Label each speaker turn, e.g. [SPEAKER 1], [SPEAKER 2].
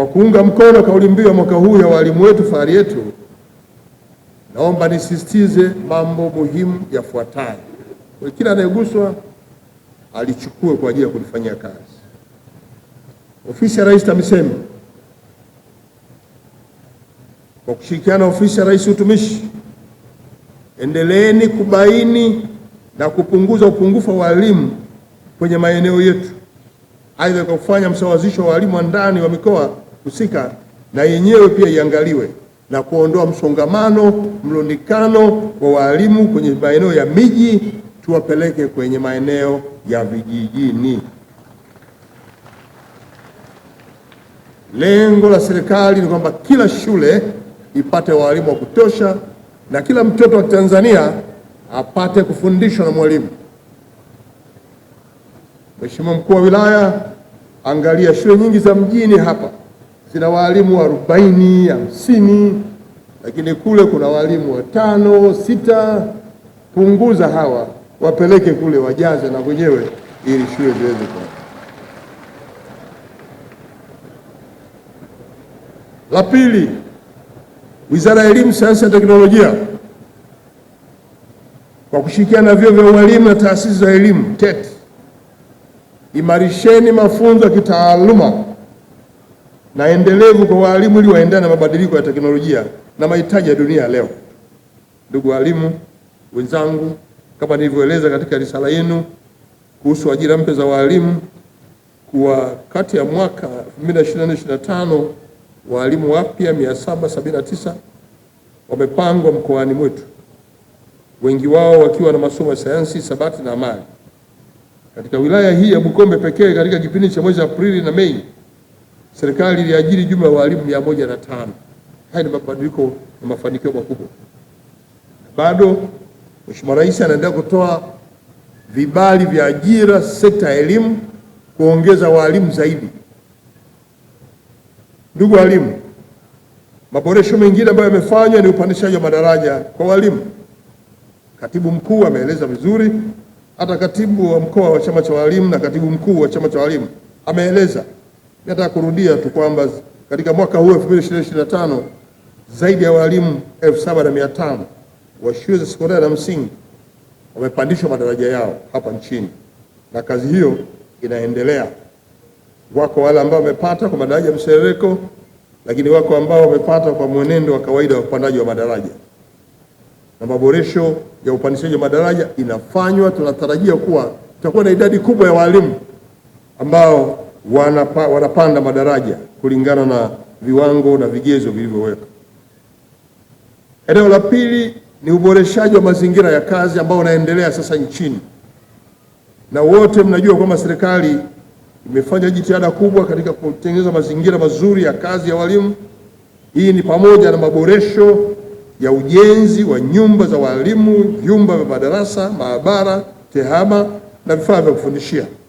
[SPEAKER 1] Kwa kuunga mkono kauli mbiu ya mwaka huu ya walimu wetu fahari yetu, naomba nisisitize mambo muhimu yafuatayo. Kwa kila anayeguswa alichukue kwa ajili ya kulifanyia kazi. Ofisi ya Rais TAMISEMI kwa kushirikiana na Ofisi ya Rais Utumishi, endeleeni kubaini na kupunguza upungufu wa walimu kwenye maeneo yetu, aidha kwa kufanya msawazisho wa walimu wa ndani wa mikoa husika na yenyewe pia iangaliwe na kuondoa msongamano, mlundikano wa walimu kwenye maeneo ya miji, tuwapeleke kwenye maeneo ya vijijini. Lengo la serikali ni kwamba kila shule ipate walimu wa kutosha na kila mtoto wa Tanzania apate kufundishwa na mwalimu. Mheshimiwa Mkuu wa Wilaya, angalia shule nyingi za mjini hapa zina walimu arobaini hamsini lakini kule kuna walimu watano sita. Punguza hawa wapeleke kule wajaze na wenyewe, ili shule ziweze kwa. La pili, Wizara ya Elimu, Sayansi na Teknolojia kwa kushirikiana na vyuo vya ualimu na taasisi za elimu TET, imarisheni mafunzo ya kitaaluma na endelevu kwa walimu ili waendane na mabadiliko ya teknolojia na mahitaji ya dunia leo. Ndugu walimu wenzangu, kama nilivyoeleza katika risala yenu kuhusu ajira mpya za walimu kwa kati ya mwaka 2024/2025 walimu wapya 779 wamepangwa mkoani mwetu, wengi wao wakiwa na masomo ya sayansi, sabati na amali. Katika wilaya hii ya Bukombe pekee katika kipindi cha mwezi Aprili na Mei Serikali iliajiri jumla ya walimu mia moja na tano. Haya ni mabadiliko na mafanikio makubwa. Bado Mheshimiwa Rais anaendelea kutoa vibali vya ajira sekta ya elimu kuongeza walimu zaidi. Ndugu walimu, maboresho mengine ambayo yamefanywa ni upandishaji wa madaraja kwa walimu. Katibu mkuu ameeleza vizuri, hata katibu wa mkoa wa chama cha walimu na katibu mkuu wa chama cha walimu ameeleza Nataka kurudia tu kwamba katika mwaka huu 2025 zaidi ya walimu 7500 wa shule za sekondari na msingi wamepandishwa madaraja yao hapa nchini, na kazi hiyo inaendelea. Wako wale ambao wamepata kwa madaraja ya mserereko, lakini wako ambao wamepata kwa mwenendo wa kawaida wa upandaji wa madaraja, na maboresho ya upandishaji wa madaraja inafanywa. Tunatarajia kuwa tutakuwa na idadi kubwa ya walimu ambao wanapa, wanapanda madaraja kulingana na viwango na vigezo vilivyoweka. Eneo la pili ni uboreshaji wa mazingira ya kazi ambao unaendelea sasa nchini, na wote mnajua kwamba serikali imefanya jitihada kubwa katika kutengeneza mazingira mazuri ya kazi ya walimu. Hii ni pamoja na maboresho ya ujenzi wa nyumba za walimu, vyumba vya madarasa, maabara, tehama na vifaa vya kufundishia.